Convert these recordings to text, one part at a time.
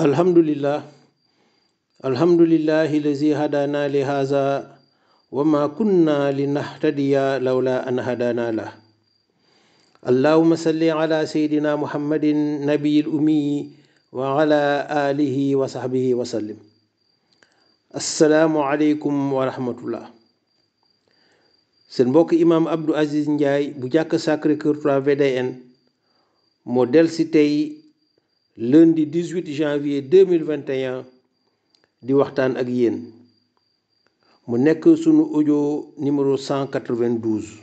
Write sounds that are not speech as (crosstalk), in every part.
الحمد لله الحمد لله الذي هدانا لهذا وما كنا لنهتدي لولا أن هدانا له اللهم صل على سيدنا محمد النبي الأمي وعلى آله وصحبه وسلم السلام عليكم ورحمة الله seen mbokk imam Abdou Aziz Ndiaye bu ساكري sacre Sacré-Cœur 3 VDN moo del si tey lundi 18 janvier 2021 di waxtaan ak yéen mu nekk sunu audio numéro 192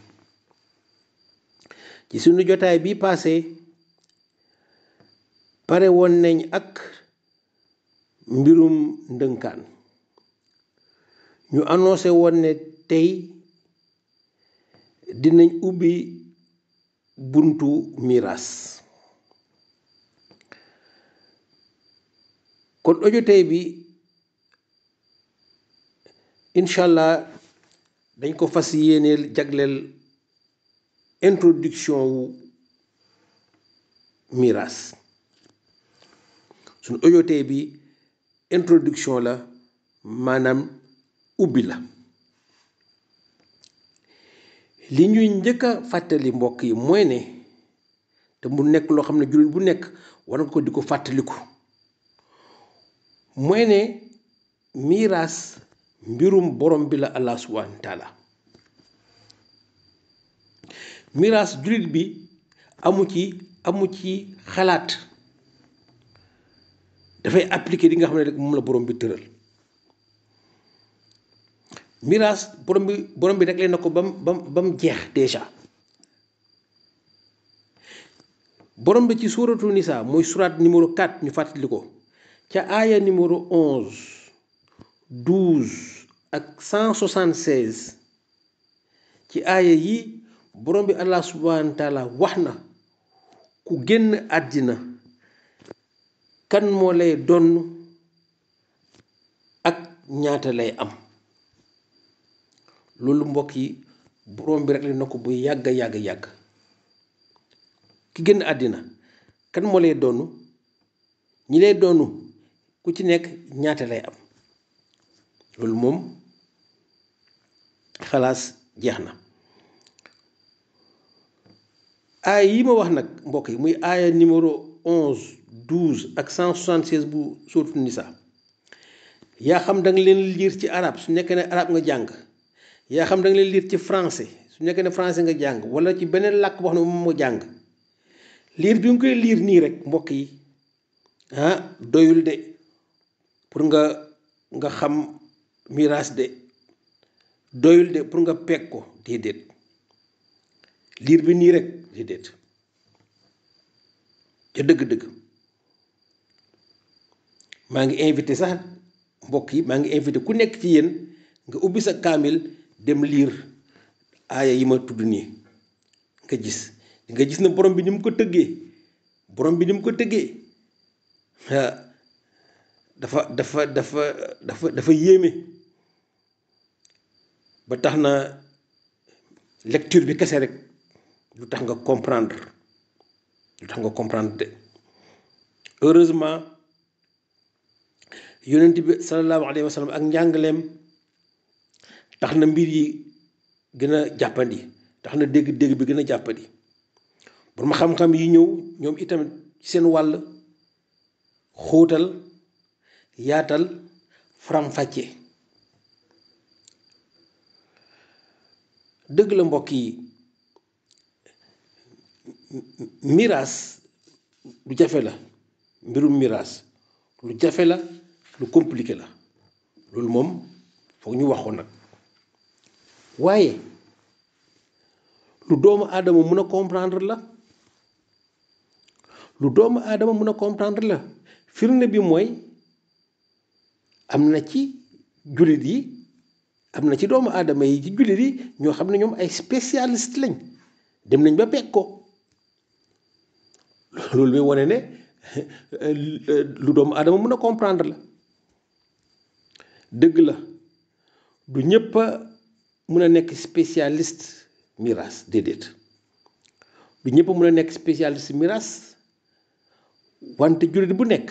ci sunu jotaay bi passé pare woon nañ ak mbirum ndënkaan ñu annoncé woon ne tey dinañ ubbi buntu miraas kon audio bi incha allah dañ ko fas yéeneel jagleel introduction wu miraas suñu audio bi introduction la maanaam ubbi la li ñuy njëkk a fàttali mbokk yi mooy ne te mu nekk loo xam ne jullit bu nekk war nga ko di ko fàttaliku mooy ne miiraas mbirum borom bi la allah subhanahu wa taala jullit bi amu ci amu ci xalaat dafay appliquer li nga xam ne rek moom la borom bi tëral miiraas borom bi borom bi rek leen na ko bam bam ba mu jeex déjà borom bi ci suuratu nisa mooy surat numéro 4 ñu fàttali ko ca aaya numéro 11 12 ak ci aaya yi borom bi allah subhanahu wa wax na ku génn àddina kan moo lay donn ak ñaata lay am loolu mbokk yi borom bi rek la na ko bu yàgg yàgg yàgg ki génn àddina kan moo lay donn ñi lay donn ku ci nekk ñaata lay am loolu moom xalaas jeex na aaya yi ma wax nag mbokk yi muy aaya numéro 11 12 ak 176 bu sóotu nisa yaa xam da leen liir ci arab su nekkee ne arab nga jàng yaa xam da leen liir ci francais su nekkee ne français nga jàng wala ci beneen làkk wax ne moom moo jàng liir bi nga koy liir nii rek mbokk yi ah, doyul de pour nga nga xam miraas de doyul de pour nga peeg ko déedéet liir bi nii rek déedéet ca dëgg-dëgg maa ngi invité sax mbokk yi maa ngi invité ku nekk ci yéen nga ubbi sa kaamil dem liir aaya yi ma tudd nii nga gis nga gis na borom bi ni mu ko tëggee borom bi ni mu ko tëggee dafa dafa dafa dafa dafa yéeme ba tax na lecture bi kese rek lu tax nga comprendre lu tax nga comprendre de heureusement yonent bi sallallahu alayhi wa sallam ak njàngaleem tax na mbir yi gën a jàppandi tax na dégg-dégg bi gën a jàppandi borom xam-xam yi ñëw ñoom itam seen wàll xóotal yaatal faram-fàcce dëgg la mbokk yi miraas du jafe la mbirum miraas lu jafe la lu compliqué la loolu moom foog ñu waxoon nag waaye lu doomu aadama mën a comprendre la lu doomu adama mun a comprendre la firne bi mooy amna ci julit yi amna ada ci doomu adama yi ci julit yi ñoo xam ñom ay spécialiste lañ dem nañ ba pekko lolou bi woné né (laughs) lu doomu adama mëna comprendre la deug la du ñepp mëna nek spécialiste miras dedet, du ñepp mëna nek spécialiste miras wante julit bu nek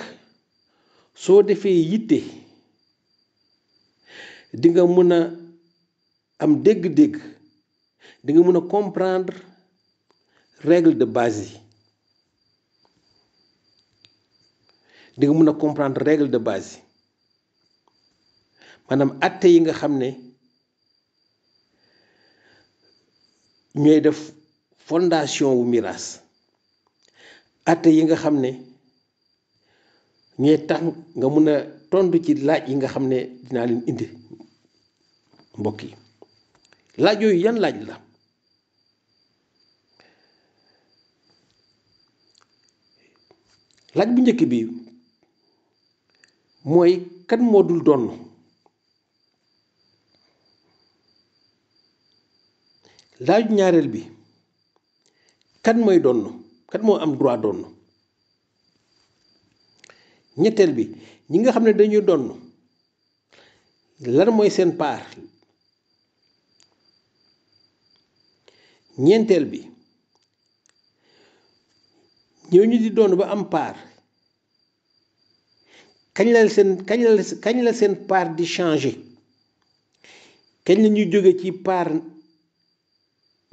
so defé yitte di nga mun a am dégg-dégg di nga mun a comprendre règle de base yi di nga mun a comprendre règle de base yi maanaam atte yi nga xam ne ñooy def fondation wu miraas atte yi nga xam ne ñooy tax nga mun a tontu ci laaj yi nga xam ne dinaa leen indi mbokk yi laaj yooyu yan laaj la laaj bu njëkk bi mooy kan moo dul donn laaju ñaareel bi kan mooy donn kat moo am droit donn ñetteel bi ñi nga xam ne dañuy donn lan mooy seen paar ñeenteel bi ñooñu di doon ba am part kañ la seen kañ la seen part di changé kañ la ñuy jóge ci part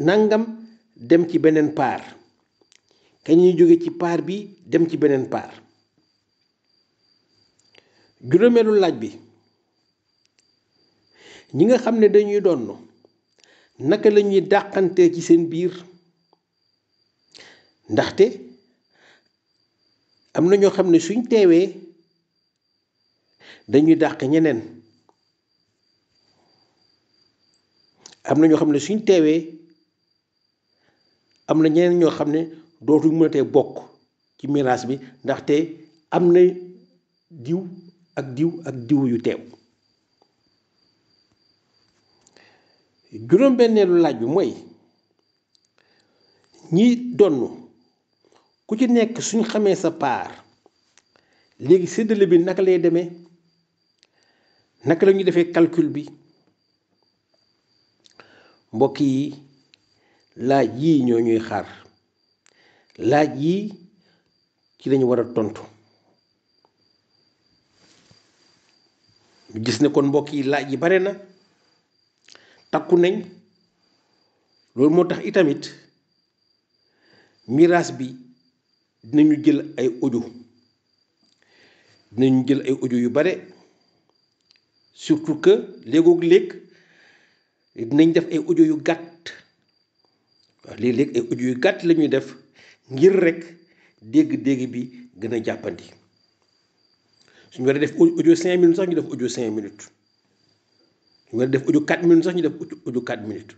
nangam dem ci beneen part kañ la ñuy jóge ci paar bi dem ci beneen part juróomeelu laaj bi ñi nga xam ne dañuy doon. naka lañuy dàqante ci seen biir ndaxte am na ñoo xam ne suñ teewee dañuy dàq ñeneen am na ñoo xam ne suñ teewee am na ñeneen ñoo xam ne dootuñ mënatee bokk ci miraas bi ndaxte am na diw ak diw ak diw yu teew juróom-benneelu laaj bi mooy ñii donn ku ci nekk suñ xamee sa paar léegi séddale bi naka lay demee naka lañuy defee calcul bi mbokk yi laaj yi ñoo ñuy xaar laaj yi ci lañu war a tontu gis ne kon mbokk yi laaj yi bare na takku nañ loolu moo tax itamit miraas bi dinañu jël ay audio dinañu jël ay audio yu bare surtout que léegoog léeg dinañ def ay audio yu gàtt waaw léeg ay audio yu gàtt la ñuy def ngir rek dégg-dégg bi gën a jàppandi suñu waree def audio cinq minutes sax ñu def audio cinq minutes nga def audio 4 minutes sax ñu def audio 4 minutes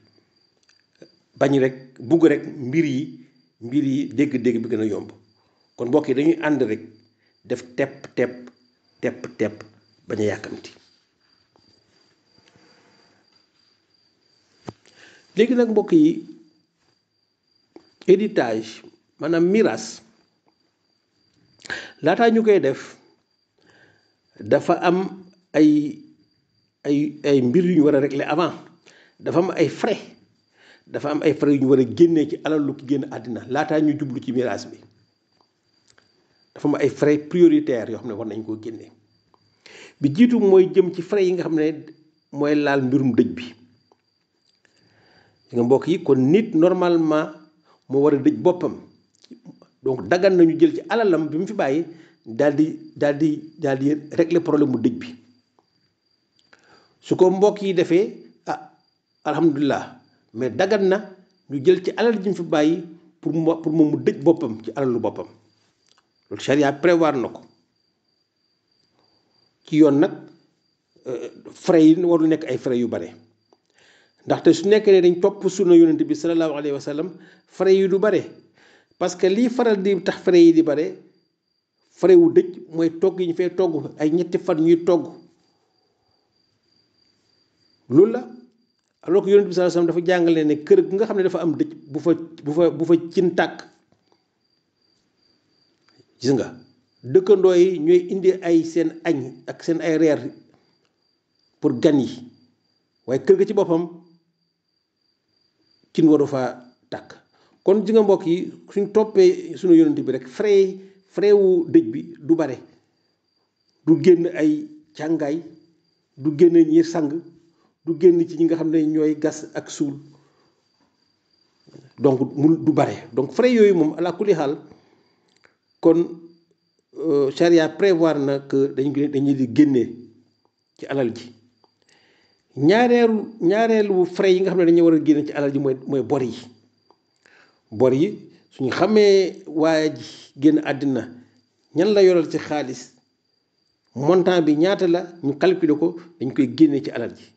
bañ rek bugg rek mbir yi mbir yi dégg-dégg bi gën a yomb kon mbokk yi dañuy ànd rek def tepp tepp tepp tepp bañ a yàkkamti léegi nag mbokk yi héritage maanaam miraas laataa ñu koy def dafa am ay ay ay mbir yu ñu war a régler avant dafa am ay frais dafa am ay frais yu ñu war a génnee ci alal lu ki génn àddina laataa ñu jublu ci miraas bi dafa am ay frais prioritaires yoo xam ne war nañ koo génnee bi jiitu mooy jëm ci frais yi nga xam ne mooy laal mbirum dëj bi nga mbokk yi kon nit normalement moo war a dëj boppam donc daggan nañu jël ci alalam bi mu fi bàyyi daal di dal di daal di régler problème mu dëj bi su ko mbokk yi defee ah alhamdulilah mais dagan na ñu jël ci alal ji ñu fi bàyyi pour mu pour moom mu dëj boppam ci alalu boppam loolu charia na ko ci yoon nag euh, frais yi warul nekk ay frais yu bare ndaxte su nekkee ne dañ topp sunu yonent bi sallallahu alayhi wa sallam frais yi du bare parce que lii faral di tax frais yi di bare frais wu dëj mooy togg yi ñu fay togg ay ñetti fan ñuy togg loolu la alors que yonent bi sallallahu alayhi wasallam dafa jàngale ne kër gi nga xam ne dafa am dëj bu fa bu fa bu fa cin tàkk gis nga dëkkandoo yi ñooy indi ay seen añ ak seen ay reer pour gan yi waaye kër ga ci boppam cin waru fa tàkk kon ji mbokk yi suñ toppee sunu yonent bi rek frais frais wu dëj bi du bare du génn ay càngaay du génn ñi sang du génn ci ñi nga xam ne ñooy gas ak suul donc mu du bare donc frais yooyu moom ala kulli xaal kon euh, charia prévoir na que dañ dañuy di génnee ci alal ji ñaareelu ñaareelu frais yi nga xam ne dañu war a génne ci alal ji mooy mooy bor yi bor yi suñu xamee waaye ji génn àddina ñan la yoral ci xaalis montant bi ñaata la ñu calculer ko dañ koy génne ci alal ji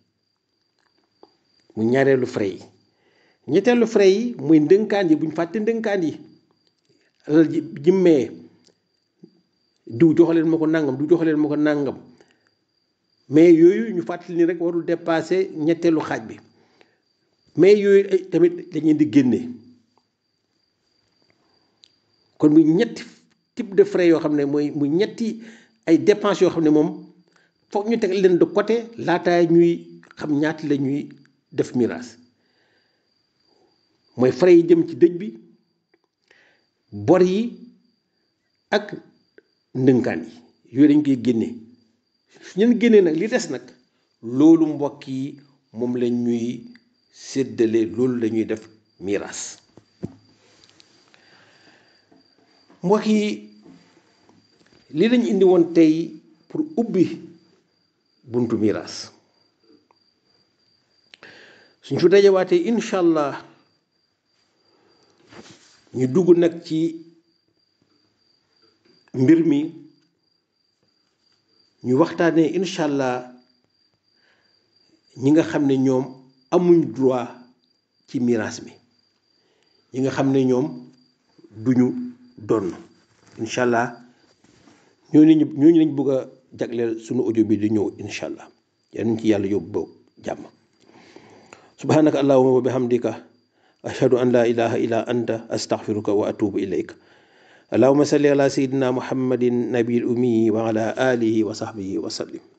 mu ñaareelu frais yi ñetteelu frais yi muy ndënkaan yi bu ñu fàtte ndënkaan yi alal ji jimmee diw joxaleen ma ko nangam du joxaleen ma ko nangam mais yooyu ñu fàttali ni rek warul dépasser ñetteelu xaaj bi mais yooyu tamit dañuy di génne kon muy ñetti type de frais yoo xam ne mooy muy ñetti ay dépenses yoo xam ne moom foog ñu teg leen de côté laataay ñuy xam ñaata la ñuy def miraas mooy frais jëm ci dëj bi bor yi ak ndënkaan yi yooyu dañ koy génne su ñeen génnee nag li des nag loolu mbokk yi moom lañ ñuy séddale loolu lañuy def miraas mbokk yi li lañ indi woon tey pour ubbi buntu miraas suñ su dajawaatee incha allah ñu dugg nag ci mbir mi ñu waxtaanee incha allah ñi nga xam ne ñoom amuñ droit ci miraas mi ñi nga xam ne ñoom duñu donn incha allah ñooñu lañ ñooñu lañ bëgg a jagleel sunu audio bi di ñëw incha allah yal ci yàlla yóbbu ba jàmm. subhanaka allahumma wa bihamdika ashhadu an la ilaha illa anta astaghfiruka wa atubu ilayk اللهم صل على سيدنا محمد النبي الأمي وعلى آله وصحبه وسلم